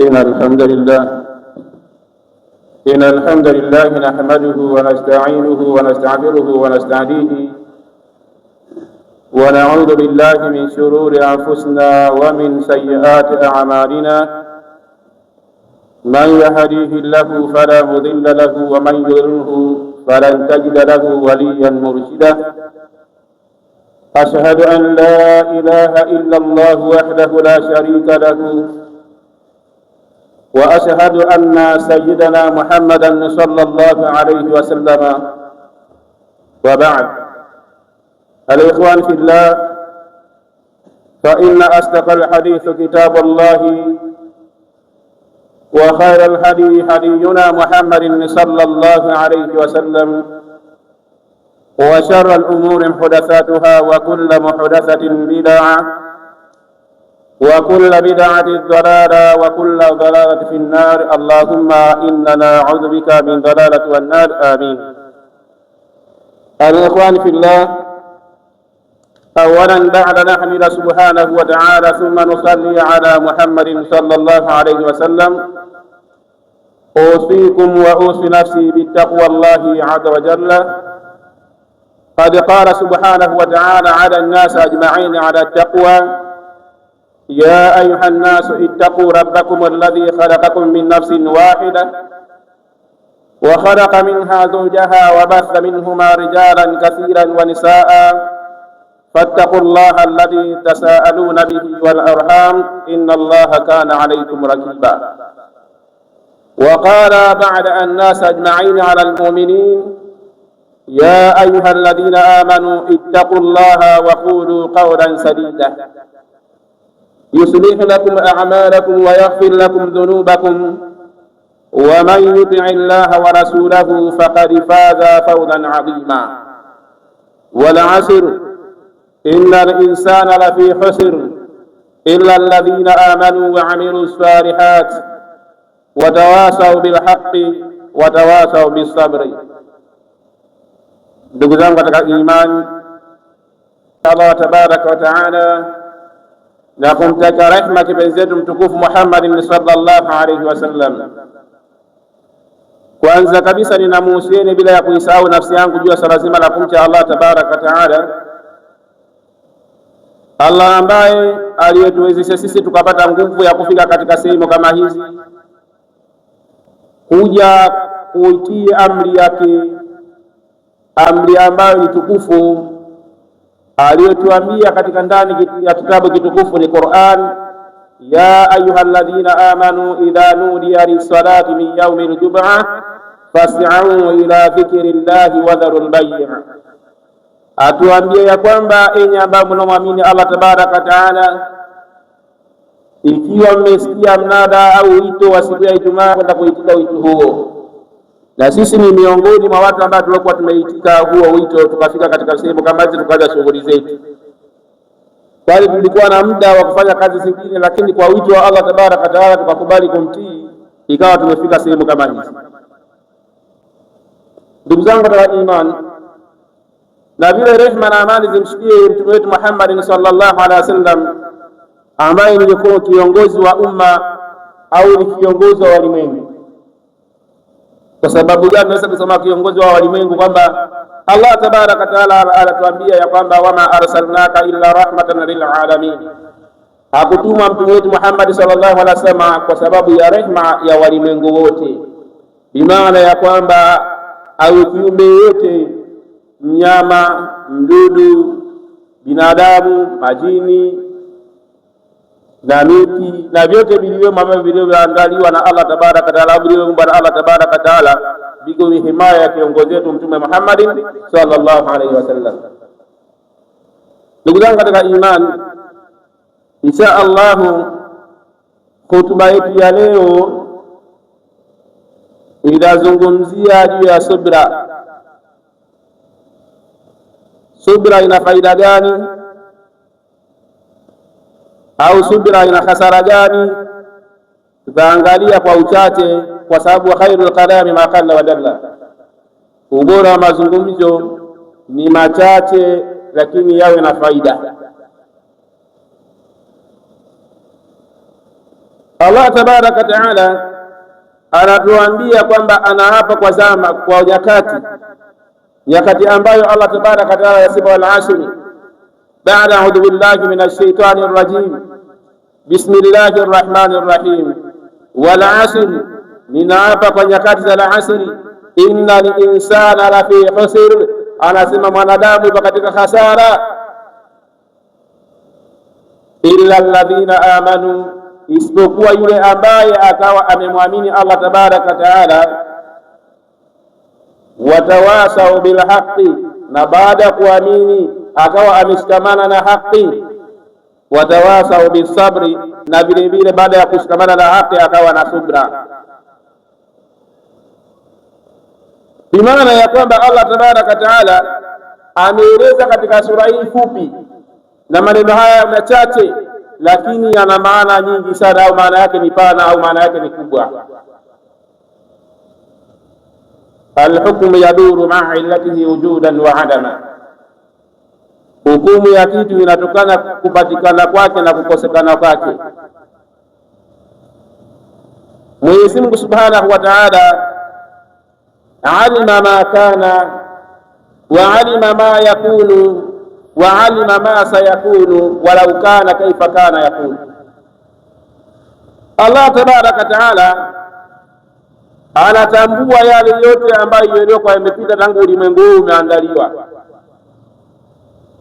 إن الحمد لله إن الحمد لله نحمده ونستعينه ونستغفره ونستهديه ونعوذ بالله من شرور أنفسنا ومن سيئات أعمالنا من يهديه الله فلا مضل له ومن يضلله فلن تجد له وليا مرشدا أشهد أن لا إله إلا الله وحده لا شريك له واشهد ان سيدنا محمدا صلى الله عليه وسلم وبعد الاخوان في الله فان اصدق الحديث كتاب الله وخير الهدي هدينا محمد صلى الله عليه وسلم وشر الامور محدثاتها وكل محدثه بدعه وكل بدعة ضلالة وكل ضلالة في النار اللهم إنا نعوذ بك من ضلالة والنار آمين الإخوان في الله أولا بعد نحمد سبحانه وتعالى ثم نصلي على محمد صلى الله عليه وسلم أوصيكم وأوصي نفسي بتقوى الله عز وجل قد قال سبحانه وتعالى على الناس أجمعين على التقوى يا أيها الناس اتقوا ربكم الذي خلقكم من نفس واحدة وخلق منها زوجها وبث منهما رجالا كثيرا ونساء فاتقوا الله الذي تساءلون به والأرحام إن الله كان عليكم رقيبا وقال بعد الناس أجمعين على المؤمنين يا أيها الذين آمنوا اتقوا الله وقولوا قولا سديدا يصلح لكم أعمالكم ويغفر لكم ذنوبكم ومن يطع الله ورسوله فقد فاز فوزا عظيما والعسر إن الإنسان لفي خسر إلا الذين آمنوا وعملوا الصالحات وتواصوا بالحق وتواصوا بالصبر دقزان قد إيمان الله تبارك وتعالى na kumtaka rehma kipenzi chetu mtukufu Muhammadin sallallahu alaihi wasallam. Kwanza kabisa ninamuhusieni bila ya kuisahau nafsi yangu juu ya swala zima la kumcha Allah tabaraka wa taala, Allah ambaye aliyetuwezesha sisi tukapata nguvu ya kufika katika sehemu kama hizi, kuja kuitii amri yake, amri ambayo ni tukufu aliyotuambia katika ndani ya kitabu kitukufu ni Qur'an, ya ayuha amanu idha nudiya lis-salati min yaumi jumah fasau ila dhikri llahi wadharu bay'a, atuambia ya kwamba enye ambao mnamwamini Allah tabaraka wataala, ikiwa mmesikia mnada au wito wa siku ya Ijumaa kwenda kuitika wito huo na sisi ni miongoni mwa watu ambao tulikuwa tumeitika huo wito, tukafika katika sehemu kama hizi tukaanza shughuli zetu, bali tulikuwa na muda wa kufanya kazi zingine, lakini kwa wito wa Allah tabaraka wataala tukakubali kumtii, ikawa tumefika sehemu kama hizi. Ndugu zangu katika imani, na vile rehma na amani zimshikie mtume wetu Muhammad sallallahu alaihi wasallam, ambaye ni kiongozi wa umma au ni kiongozi wa walimwengu kwa sababu gani naweza kusema kiongozi wa walimwengu kwamba Allah tabaraka taala anatuambia ya kwamba wama arsalnaka illa rahmatan lil alamin, hakutuma mtume wetu Muhammad sallallahu alaihi wasallam kwa sababu ya rehma ya walimwengu wote, bimaana ya kwamba au kiumbe yote, mnyama, mdudu, binadamu, majini na miti na vyote vilivyomo ambavyo vilivyoandaliwa na Allah tabaraka wataala vilivyoumba na Allah tabaraka wataala viko himaya ya kiongozi wetu Mtume Muhammadin sallallahu alaihi wasallam. Ndugu zangu katika imani, insha allahu hotuba yetu ya leo itazungumzia juu ya subra. Subra ina faida gani? au subra ina hasara gani? Tutaangalia kwa uchache, kwa sababu khairul kalami ma qalla wa dalla, ubora wa mazungumzo ni machache lakini yawe na faida. Allah tabaraka taala anatuambia kwamba anaapa kwa zama, kwa nyakati, nyakati ambayo Allah tabaraka taala yasema, walasri baada audhu billahi min alshaitani rrajim Bismillahi rahmani rrahim. Wal asri, ninaapa kwa nyakati za alasri. Inna linsana lafi khusr, anasema mwanadamu yupo katika khasara. Illa alladhina amanu, isipokuwa yule ambaye akawa amemwamini Allah tabaraka wata'ala Watawasau bilhaqi, na baada ya kuamini akawa ameshikamana na haqi watawasau bisabri, na vile vile baada ya kushikamana na haki akawa na subra, bimaana ya kwamba Allah tabaraka taala ameeleza katika sura hii fupi na maneno haya machache, lakini yana maana nyingi sana, au maana yake ni pana, au maana yake ni kubwa. Alhukmu yaduru maa illatihi wujudan wa adama Hukumu ya kitu inatokana kupatikana kwake na kukosekana kwake. Mwenyezi Mungu Subhanahu wa Ta'ala alima ma kana wa alima ma yakunu wa alima ma sayakunu walau kana kaifa kana yakunu. Allah tabaraka taala anatambua yale yote ambayo yaliyokuwa yamepita tangu ulimwengu huu umeandaliwa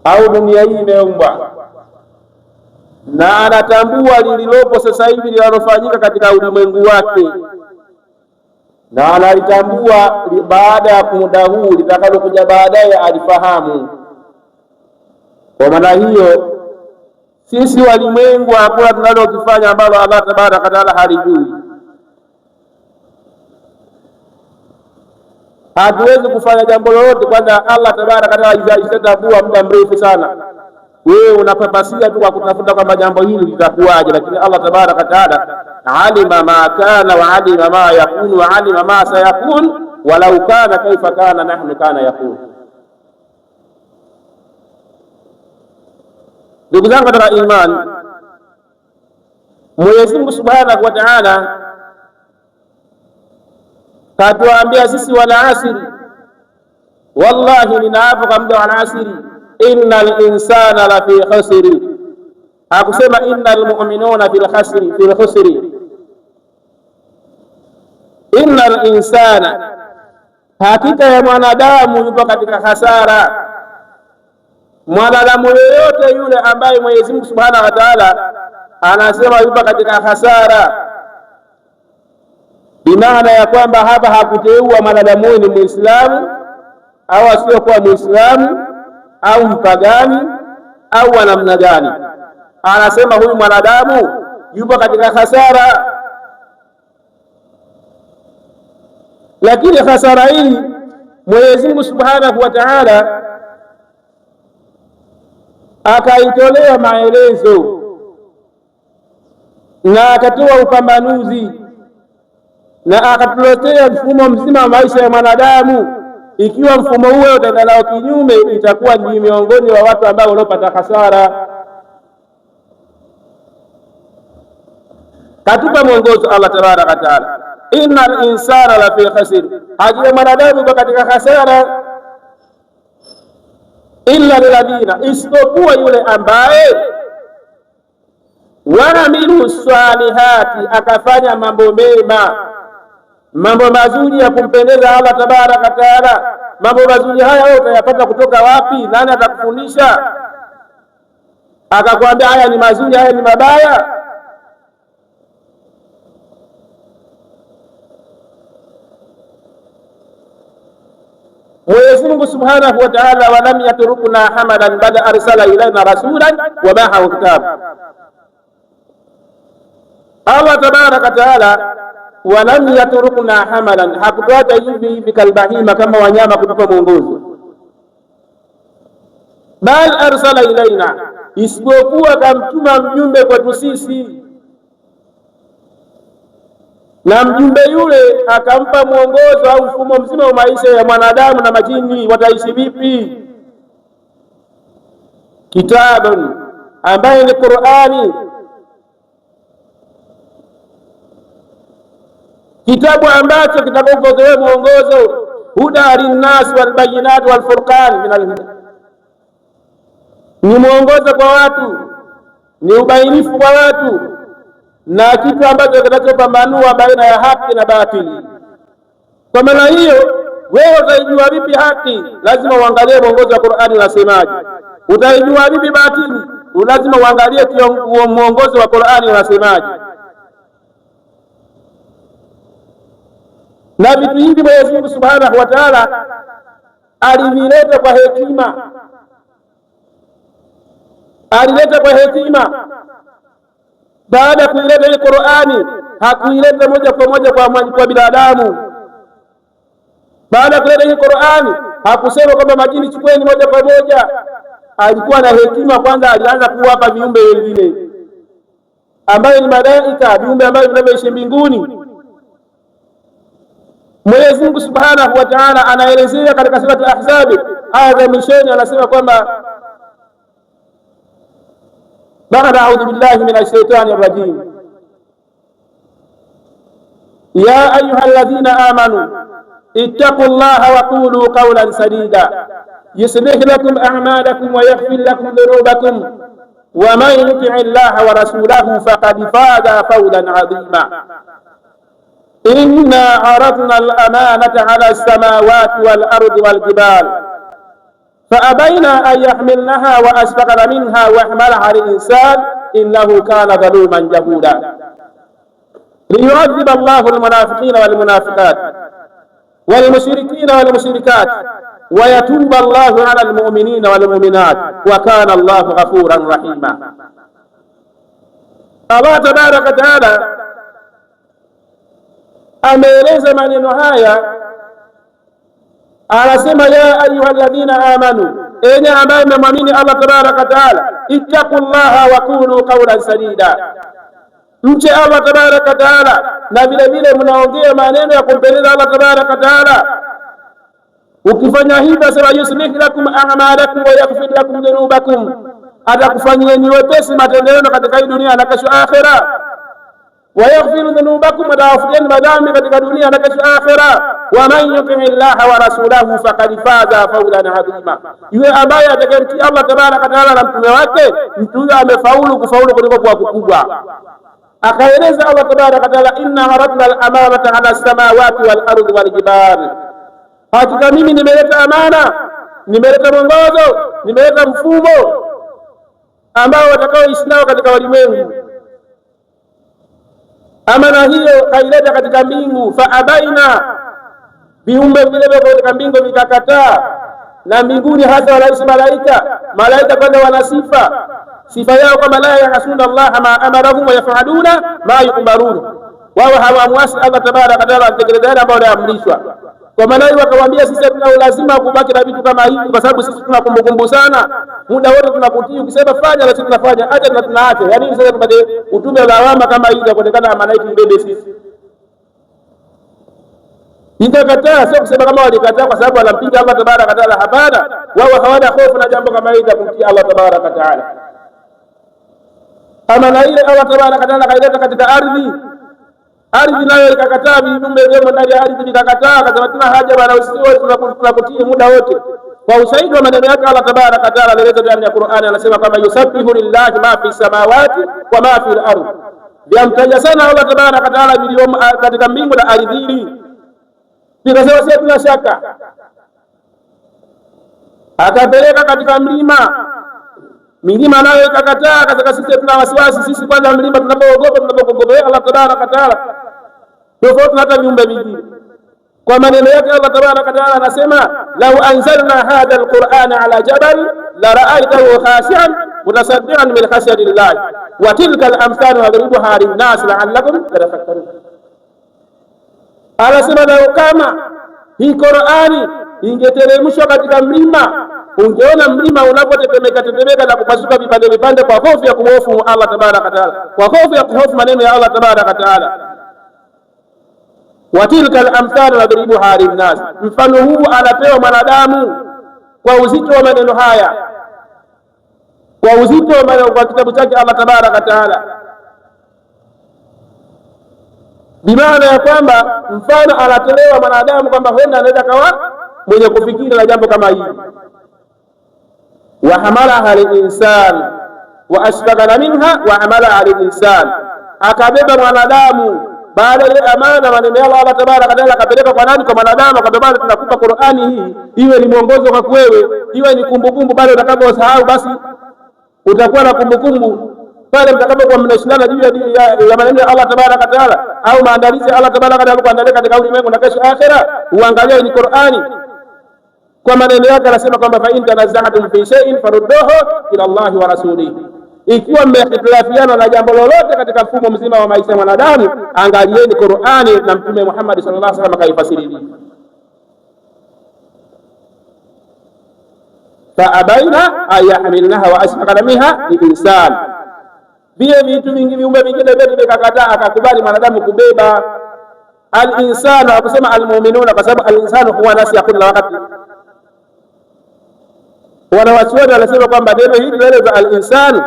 au dunia hii imeumbwa na anatambua lililopo sasa hivi linalofanyika katika ulimwengu wake, na analitambua baada ya muda huu litakalokuja baadaye, alifahamu. Kwa maana hiyo, sisi walimwengu hakuna tunalokifanya ambalo Allah tabaraka halijui hatuwezi kufanya jambo lolote, kwanza Allah tabaraka taala muda mrefu sana. Wewe unapapasia tu kwa kutafuta kwamba jambo hili litakuwaje, lakini Allah tabaraka taala alima ma kana wa alima ma yakunu wa alima ma sayakun walau kana kaifa kana nahnu kana yakun. Ndugu zangu katika imani, Mwenyezi Mungu subhanahu wa ta'ala katuambia sisi walaasiri, wallahi ninaapo kwa muda walaasiri, innal insana la fi khasiri. Hakusema innal mu'minuna fil khasri fil innal insana, hakika ya mwanadamu yupo katika hasara. Mwanadamu yoyote yule ambaye Mwenyezi Mungu Subhanahu wa Ta'ala anasema yupo katika hasara bimaana ya kwamba hapa hakuteua mwanadamu huyu ni muislamu au asiyokuwa muislamu au mpagani au wa namna gani. Anasema huyu mwanadamu yupo katika hasara, lakini hasara hii Mwenyezi Mungu Subhanahu wa Ta'ala akaitolea maelezo na akatoa upambanuzi na akatuletea mfumo mzima wa maisha ya mwanadamu. Ikiwa mfumo huo utaendana kinyume, itakuwa ni miongoni wa watu ambao waliopata hasara. Katupa mwongozo Allah tabaraka taala, innal insana la fi khasir, hakika mwanadamu kwa katika hasara, illa alladhina, isipokuwa yule ambaye wana salihati, akafanya mambo mema mambo mazuri ya kumpendeza Allah tabaraka taala. Mambo mazuri haya wewe utayapata kutoka wapi? Nani atakufundisha akakwambia haya ni mazuri, haya ni mabaya? Mwenyezi Mungu subhanahu wa taala, walam yatrukna hamalan bal arsala ilaina rasulan wa maahu kitab. Allah tabaraka taala walam yatrukna hamalan, hakutuacha hivi hivi kalbahima, kama wanyama kutupa mwongozo. Bal arsala ilaina, isipokuwa kamtuma mjumbe kwetu sisi, na mjumbe yule akampa mwongozo au mfumo mzima wa maisha ya mwanadamu na majini, wataishi vipi. Kitabun ambaye ni Qur'ani kitabu ambacho kitakaokutoa mwongozo, huda linnas walbayinat walfurqan min alhuda, ni mwongozo kwa watu, ni ubainifu kwa watu, na kitu ambacho kinachopambanua baina ya haki na batili. Kwa maana hiyo, wewe utaijua vipi haki? Lazima uangalie mwongozo wa Qur'ani unasemaje. Utaijua vipi batili? Lazima uangalie mwongozo wa Qur'ani unasemaje. na vitu hivi Mwenyezi Mungu Subhanahu wa Ta'ala alivileta kwa hekima, alileta kwa hekima. Baada ya kuileta ile Qur'ani, hakuileta moja kwa moja kwa binadamu. Baada ya kuleta ile Qur'ani, hakusema kwamba majini chukweni moja kwa moja. Alikuwa na hekima kwanza, alianza kuwapa viumbe wengine ambayo ni malaika, viumbe ambavyo vinavyoishi mbinguni Mwenyezi Mungu Subhanahu wa Ta'ala anaelezea katika sura ya Ahzab aya ya mwishoni, anasema kwamba baada, audhu billahi minash shaitani rrajim, ya ayuha alladhina amanu ittaqu llaha wa qulu qawlan sadida yuslih lakum a'malakum wa yaghfir lakum dhunubakum wa man yuti' llaha wa rasulahu faqad faza fawzan 'azima إنا عرضنا الأمانة على السماوات والأرض والجبال فأبينا أن يحملنها وأشفقن منها وحملها الإنسان إنه كان ظلوما جهولا ليعذب الله المنافقين والمنافقات والمشركين والمشركات ويتوب الله على المؤمنين والمؤمنات وكان الله غفورا رحيما الله تبارك وتعالى ameeleza maneno haya, anasema ya ayuha ladhina amanu, enye ambaye mmemwamini Allah tabaraka wataala, ittaqu llaha wa kunu qaulan sadida, mche Allah tabaraka wataala, na vile vile mnaongea maneno ya kumpendeza Allah tabaraka wataala. Ukifanya hivyo, sema yuslih lakum a'malakum wa yaghfir lakum dhunubakum, atakufanyieni wepesi matendo yenu katika hii dunia na kesho akhera wa yaghfiru dhunubakum, wa watawafutieni madhambi katika dunia na kesho akhera. Wa man yutii llaha wa rasulahu faqad faza fawzan adhima, yule ambaye atakayemtii Allah tabaraka wataala na mtume wake, mtu huyo amefaulu kufaulu kuliko kwa kukubwa. Akaeleza Allah tabaraka wataala, inna aradna al-amanata ala samawati wal ardi wal jibali, hakika mimi nimeleta amana, nimeleta mwongozo, nimeleta mfumo ambao watakaoishi nao katika walimwengu amana hiyo kaileta katika mbingu, fa abaina, viumbe vilivyo katika mbingu vikakataa. Na mbinguni hasa wanaishi malaika. Malaika kwanza wana sifa, sifa yao kwamba la yasuna llaha ma amarahum wayafaluna ma yumarun, wao hawamwasi Allah tabaraka wataala, wanatekeleza yale ambayo wanaamrishwa kwa maana hiyo akawaambia sisi hatuna lazima kubaki na vitu kama hivi, kwa sababu sisi tuna kumbukumbu sana, muda wote tunakutii. Ukisema fanya, na sisi tunafanya, acha na tunaacha. Yaani hivi sasa tupate utume lawama kama hivi ya kuonekana amana yetu mbebe sisi. Nitakataa, sio kusema kama walikataa kwa sababu wanampinga Allah tabaraka taala. Hapana, wao hawana hofu na jambo kama hili la kumtii Allah tabaraka taala. Amana ile Allah tabaraka taala kaileta katika ardhi ardhi nayo ikakataa viumbe vyemo ndani ya ardhi vikakataa, akasema tuna haja bana, usiwe tunakutii muda wote. Kwa usaidi wa maneno yake Allah tabaraka wataala anaeleza ndani ya Qur'ani, anasema kwamba yusabbihu lillahi ma fi samawati wa ma fi al-ardh, vyamtaja sana Allah tabaraka wataala vilivyomo ah, katika mbingu na ardhini. Vikasema sio tuna shaka, akapeleka katika mlima milima nayo ikakataa. Katika sisi tuna wasiwasi sisi, kwanza mlima tunapoogopa tunapokogopea Allah tabaraka taala, tofauti hata viumbe vingine. Kwa maneno yake Allah tabaraka taala anasema, lau anzalna hadha alqur'ana ala jabal la ra'aytahu khashi'an mutasaddian min khashyati wa tilka alamthal nadribuha linnas la'allakum yatafakkarun. Anasema lau kama hii Qur'ani ingeteremshwa katika mlima ungeona mlima unapotetemeka tetemeka na kupasuka vipande vipande, kwa hofu ya kumhofu Allah tabaraka wataala, kwa hofu ya kuhofu maneno ya Allah tabaraka wataala. Wa tilka al-amthal linnas, mfano huu anapewa mwanadamu kwa uzito wa maneno haya, kwa uzito wa maneno kwa kitabu chake Allah tabaraka wataala bimaana ya kwamba mfano anatolewa mwanadamu kwamba huenda anaweza kawa mwenye kufikiri na jambo kama hili wahamalaha linsan waashfakana minha wahamalaha linsan, akabeba mwanadamu baada ile amana, maneno ya Allah tabaraka wataala, akapeleka kwa nani? Kwa mwanadamu. Kwa sababu tunakupa Qur'ani hii iwe ni mwongozo kwa wewe, iwe ni kumbukumbu, bado utakaposahau basi utakuwa na kumbukumbu pale mtakapokuwa mnashindana juu ya maneno ya Allah tabaraka wataala au maandalizi ya Allah tabaraka wataala kuandalia katika ulimwengu na kesho akhera, uangalie ni Qur'ani kwa maneno yake anasema kwamba fa in tanazatum fi shay'in farudduhu ila Allahi wa rasulihi, ikiwa mmehitilafiana na jambo lolote katika mfumo mzima wa maisha ya mwanadamu, angalieni Qur'ani na Mtume Muhammad sallallahu alaihi wasallam akaifasirilia. fa abaina ayahmilnaha wa ashfaqna minha al-insan. vile vitu vingi viumbe vingine vyote vikakataa, akakubali mwanadamu kubeba. al Alinsanu akusema al-mu'minuna, kwa sababu al alinsanu huwa nasi ya kila wakati Wanawachuoni wanasema kwamba neno hili naeleza al-insan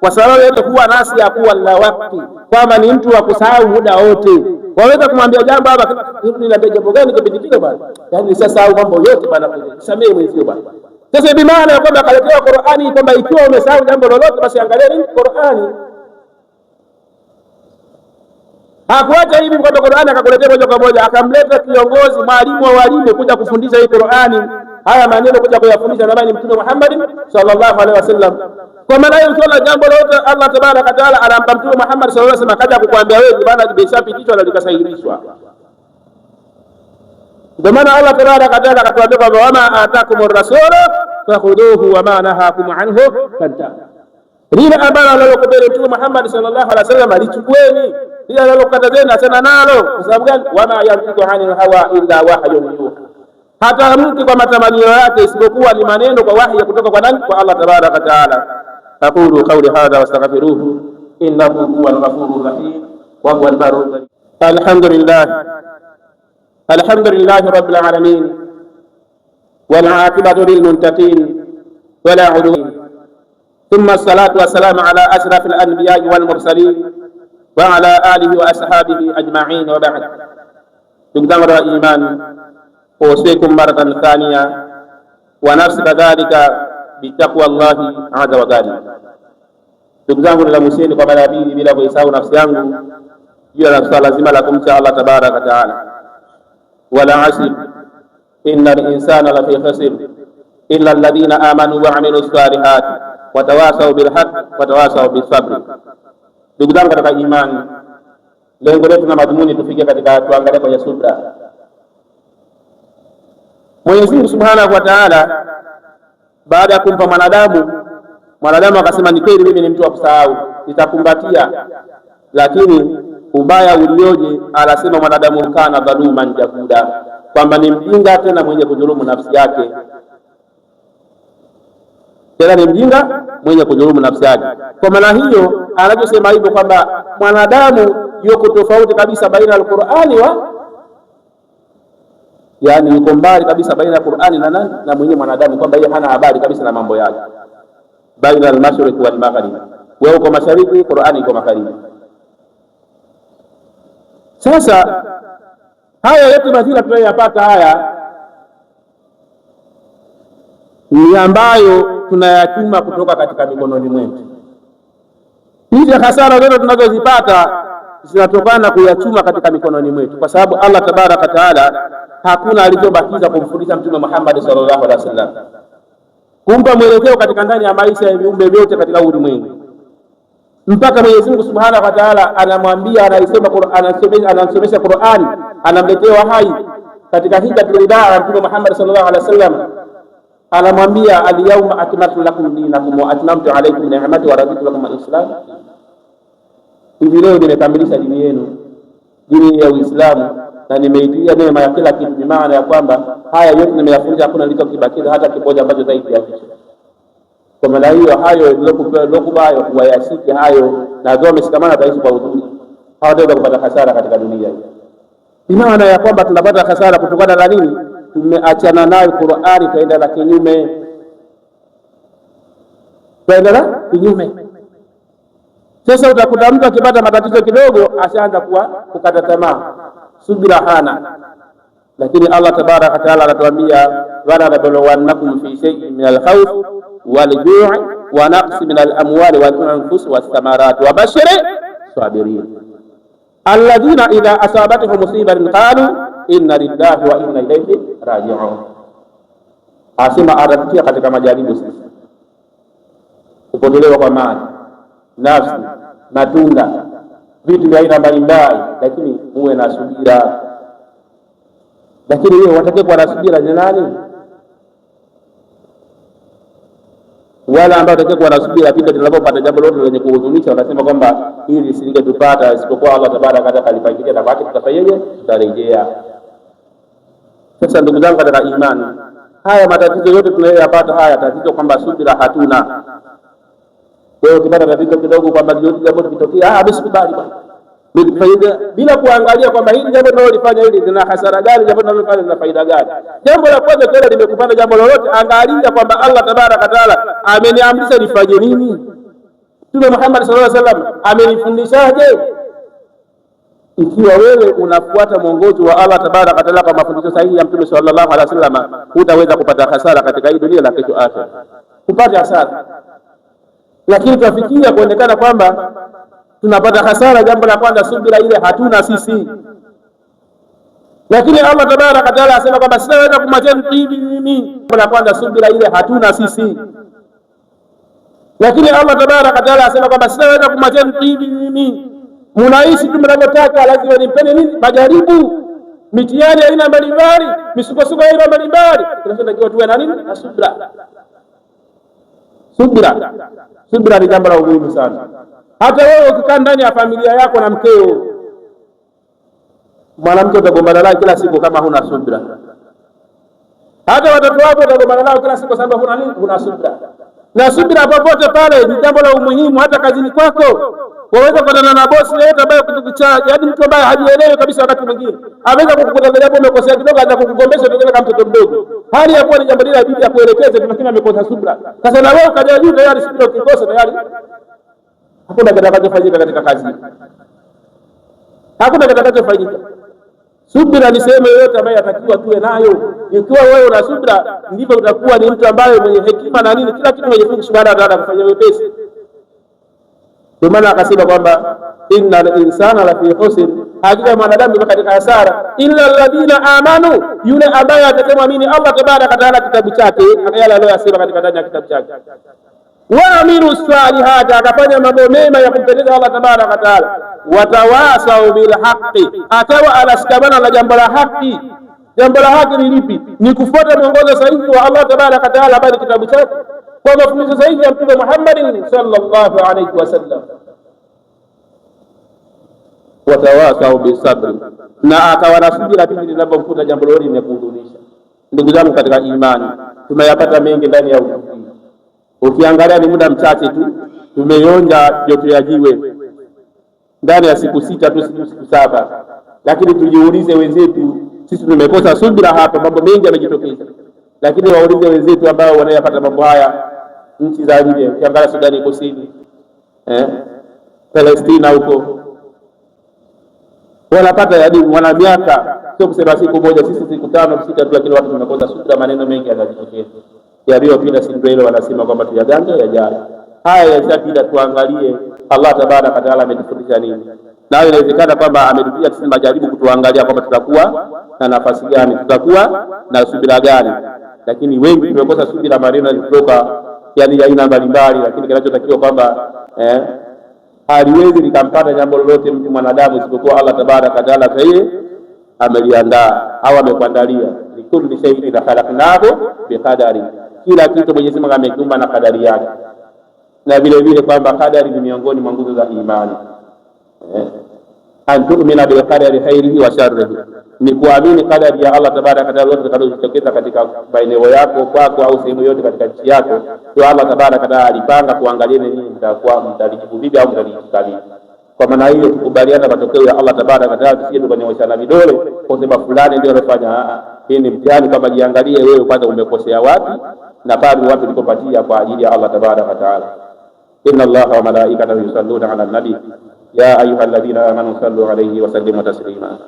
kwa sababu yeye kuwa nasi ya kuwa la wakati, kwamba ni mtu wa kusahau muda wote. Waweza kumwambia jambo hapa, niambie jambo gani kipindi kile bwana, yaani nisasahau mambo yote bwana, nisamee mwenzio bwana. Sasa bi maana kwamba akaletewa Qur'ani kwamba ikiwa umesahau jambo lolote, basi angalia angalieni Qur'ani. Hakuacha hivi kwamba Qur'ani akakuletea moja kwa moja, akamleta kiongozi, mwalimu wa walimu kuja kufundisha hii Qur'ani haya maneno kuja kuyafundisha zamani Mtume Muhammad sallallahu alaihi wasallam. Kwa maana hiyo ukiona jambo lolote Allah tabaraka wa taala anampa Mtume Muhammad sallallahu alaihi wasallam, akaja kukuambia wewe, bana lishapitishwa na likasahihishwa. Ndio maana Allah tabaraka wa taala akatuambia kwamba wama atakum rasulu fakhuduhu wama nahakum anhu fantahu, lile ambalo analokubali Mtume Muhammad sallallahu alaihi wasallam alichukueni, lile analokatazeni achana nalo. Kwa sababu gani? wama yantiqu anil hawa illa wahyun hata mtu kwa matamanio yake isipokuwa ni maneno kwa wahi ya kutoka kwa nani? Kwa Allah tabaraka taala. Aqulu qawli hadha wastaghfiruhu innahu huwal ghafurur rahim wa huwal barru alhamdulillah alhamdulillah rabbil alamin wal aqibatu lil muttaqin wala udwan ثم الصلاة والسلام على أشرف الأنبياء والمرسلين وعلى آله وأصحابه أجمعين وبعد. تقدم إيمان أوصيكم مرة ثانية ونفس كذلك bitaqwa Allahi azza wa jalla. Ndugu zangu, nilamuseni kwa mara pili bila kuisahau nafsi yangu juu ya swala zima la kumcha Allah tabaraka taala. Wala asr inna al-insana lafi khasr illa alladhina amanu wa amilu salihat wa tawasaw bil haqq wa tawasaw bis sabr. Ndugu zangu katika imani, lengo letu na madhumuni tufike katika tuangalie kwenye subra Mwenyezi Mungu Subhanahu wa Ta'ala, baada ya kumpa mwanadamu, mwanadamu akasema, ni kweli mimi ni mtu wa kusahau, nitakumbatia. Lakini ubaya ulioje, anasema mwanadamu kana dhaluman jahuda, kwamba ni mjinga tena mwenye kudhulumu nafsi yake, tena ni mjinga mwenye kudhulumu nafsi yake. Kwa maana hiyo, anachosema hivyo kwamba mwanadamu yuko tofauti kabisa baina alqurani wa yani yuko mbali kabisa baina ya Qur'ani na nani na mwenyewe mwanadamu, kwamba yeye hana habari kabisa na mambo yake. Baina al-mashriq wal maghrib, wewe uko mashariki, Qur'ani iko magharibi. Sasa haya yote madhila tunayoyapata haya ni ambayo tunayachuma kutoka katika mikononi mwetu. Hizi hasara zote tunazozipata zinatokana kuyachuma katika mikononi mwetu, kwa sababu Allah tabaraka taala hakuna alichobakiza kumfundisha Mtume Muhammad sallallahu alaihi wasallam, kumpa mwelekeo katika ndani ya maisha ya viumbe vyote katika ulimwengu mpaka Mwenyezi Mungu Subhanahu wa Ta'ala anamwambia anaisema Qur'an, anamsomesha Qur'ani, anamletea wahai katika hijjatul wadaa. Mtume Muhammad sallallahu alaihi wasallam anamwambia alyawma atmamtu lakum dinakum wa atmamtu alaykum ni'mati wa raditu lakum alislam, hivi leo nimekamilisha dini yenu, dini ya Uislamu na nimeitia neema ya kila kitu, ni maana ya kwamba haya yote nimeyafundisha, hakuna nilichokibakiza hata kimoja ambacho zaidi ya hicho. Kwa maana hiyo, hayo nilokubayo wayashike hayo, na zao wameshikamana taishi kwa uzuri, hawataweza kupata hasara katika dunia hii. Ni maana ya kwamba tunapata hasara kutokana na nini? Tumeachana nayo Qur'ani, tukaenda la kinyume, tukaenda la kinyume sasa utakuta mtu akipata matatizo kidogo ashaanza kuwa kukata tamaa, subira hana, lakini Allah tabaraka wataala anatuambia walanabluwannakum fi shay'in min alkhawf waljuu wa naqsi min alamwali walanfusi walthamarati wabashiri sabirin alladhina idha asabatuhum musibatin qalu inna lillahi wa inna ilayhi raji'un. Asema atatutia katika majaribu sisi kupotelewa kwa mali, nafsi, matunda vitu vya aina mbalimbali, lakini muwe na subira. Lakini wewe watakiwa kuwa na subira ni nani? Wala ambao watakiwa kuwa na subira pindi tunapopata jambo lolote lenye kuhuzunisha, wanasema kwamba hili tupata isipokuwa Allah tabaraka wataala alipangilia, na kwake tutafanyaje? Tutarejea. Sasa ndugu zangu katika imani, haya matatizo yote tunayoyapata haya, tatizo kwamba subira hatuna kwa hiyo ukipata tatizo kidogo kwamba jambo likitokea, ah, msikubali bwana, nilifanya bila kuangalia kwamba hili jambo tunalolifanya hili lina hasara gani, jambo tunalolifanya lina faida gani. Jambo la kwanza tena limekupata jambo lolote, angalia kwamba Allah tabaraka taala ameniamrisha nifanye nini, Mtume Muhammad sallallahu alaihi wasallam amenifundishaje. Ikiwa wewe unafuata mwongozo wa Allah tabaraka taala kwa mafundisho sahihi ya Mtume sallallahu alaihi wasallam, hutaweza kupata hasara katika hii dunia na kesho akhera, kupata hasara lakini tutafikia kuonekana kwamba tunapata hasara. Jambo la kwanza, subira ile hatuna sisi, lakini Allah tabaraka wa taala asema kwamba sitaweza kumwacheni hivi mimi. Jambo la kwanza, subira ile hatuna sisi, lakini Allah tabaraka wa taala asema kwamba sitaweza kumwacheni hivi mimi. Munaishi tu mnavyotaka, lazima nimpeni nini? Majaribu, mitihani aina mbalimbali, misukosuko aina mbalimbali. kwa tuwe na nini? Subira, subira Subra ni jambo la umuhimu sana. Hata wewe ukikaa ndani ya familia yako na mkeo, mwanamke utagombana naye kila siku kama huna subira Hata watoto wako utagombana nao kila siku sababu huna nini? Huna subira na subira popote pale ni jambo la umuhimu. Hata kazini kwako waweza kukutana na bosi yeyote ambaye kutukuchaji, yaani mtu ambaye hajielewi kabisa. Wakati mwingine aweza kukukutangalia kwamba umekosea kidogo, anza kukugombesha kama mtoto mdogo, hali ya kuwa ni jambo lile abidi akuelekeze, lakini amekosa subira. Sasa na wewe ukaja juu tayari, subira ukikosa tayari hakuna kitakachofanyika katika kazi, hakuna kitakachofanyika. Subira ni sehemu yoyote ambayo yatakiwa tuwe nayo. Ikiwa wewe una subira, ndivyo utakuwa ni mtu ambaye mwenye hekima na nini, kila kitu Mwenyezi Mungu Subhanahu wa Ta'ala kufanya wepesi. Kwa maana akasema kwamba inna al insana la fi khusr, hakika mwanadamu yuko katika hasara, illa alladhina amanu, yule ambaye atakayemwamini Allah Tabaraka Taala kitabu chake, yale aliyoyasema katika ndani ya kitabu chake waamilu salihati, akafanya mambo mema ya kumpendeza Allah tabaraka wa taala. Watawasau bilhaqi, akawa anashikamana na jambo la haki. Jambo la haki ni lipi? Ni kufuata mwongozo sahihi wa Allah tabaraka wa taala, bali kitabu chake kwa mafundisho sahihi ya Mtume Muhammadin sallallahu alayhi wasallam. Watawasau bisabri, na akawa na subira pindi linapomkuta jambo lolote lenye Ndugu zangu katika imani, tunayapata mengi ndani ya Ukiangalia ni muda mchache tu tumeonja joto ya jiwe ndani ya siku sita tu, siku saba. Lakini tujiulize wenzetu, sisi tumekosa subira hapa, mambo mengi yamejitokeza. Lakini waulize wenzetu ambao wanayapata mambo haya nchi za nje, ukiangalia Sudani Kusini eh, Palestina huko wanapata yaani, wana miaka sio kusema siku moja, sisi siku tano sita tu, lakini watu tunakosa subira, maneno mengi yanajitokeza yaliyopita. Siku ile wanasema kwamba tuyaganga yajayo. Haya yashapita, tuangalie Allah tabaraka wataala ametufundisha nini, na inawezekana kwamba ametuia sisi majaribu kutuangalia kwamba tutakuwa na nafasi gani, tutakuwa na subira gani. Lakini wengi tumekosa subira, maneno kutoka yani ya aina mbalimbali, lakini kinachotakiwa kwamba eh, haliwezi likampata jambo lolote mtu mwanadamu isipokuwa Allah tabaraka wataala yeye ameliandaa au amekuandalia. likulli shay'in khalaqnahu biqadari kila kitu Mwenyezi Mungu amekiumba na kadari yake, na vile vile kwamba kadari ni miongoni mwa nguzo za imani eh. Antumina bilqadari khairihi wa sharrihi, ni kuamini kadari ya Allah tabaraka taala, zote zitakazojitokeza katika maeneo yako kwako au sehemu yote katika nchi yako, kwa Allah tabaraka taala alipanga. Kuangalia nini mtakuwa mtalijibu vipi au mtalikabili kwa maana hiyo tukubaliana matokeo ya Allah tabaraka wa taala, tusije tukanyooshana vidole kwa sababu fulani ndio anafanya. Ah, ah, hii ni mtihani, kama jiangalie wewe kwanza umekosea wapi na pale wapi ulipopatia kwa ajili ya Allah tabaraka wa taala. Inna Allaha wa malaikatahu yusalluna ala nabi ya ayuha alladhina amanu sallu alayhi wa sallimu taslima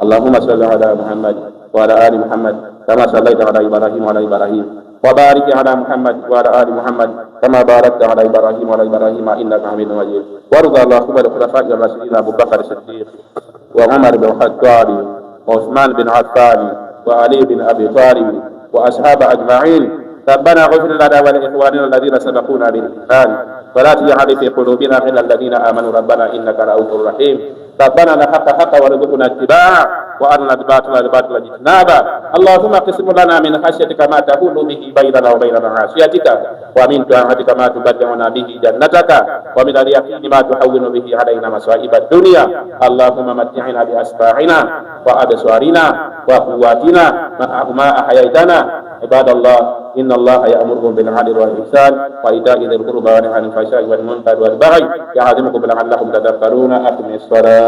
allahumma salli ala Muhammad wa ala ali Muhammad kama sallaita ala Ibrahim wa ala Ibrahim wa barik ala Muhammad wa ala ali Muhammad كما باركت على ابراهيم وعلى ابراهيم انك حميد مجيد وارض اللهم للخلفاء الراشدين ابو بكر الصديق وعمر بن الخطاب وعثمان بن عفان وعلي بن ابي طالب واصحاب اجمعين ربنا اغفر لنا ولاخواننا الذين سبقونا بالايمان ولا تجعل في قلوبنا الا الذين امنوا ربنا انك رؤوف رحيم ربنا لا حق وارزقنا اتباعه وأرنا الباطل الباطل اجتنابا اللهم اقسم لنا من خشيتك ما تحول به بيننا وبين معصيتك ومن طاعتك ما تبلغنا به جنتك ومن اليقين ما تحول به علينا مصائب الدنيا اللهم متعنا بأسماعنا وأبصارنا وقواتنا ما أحييتنا عباد الله إن الله يأمركم بالعدل والإحسان وإيتاء ذي القربى عن الفحشاء والمنكر والبغي يعظمكم لعلكم تذكرون أقم الصلاة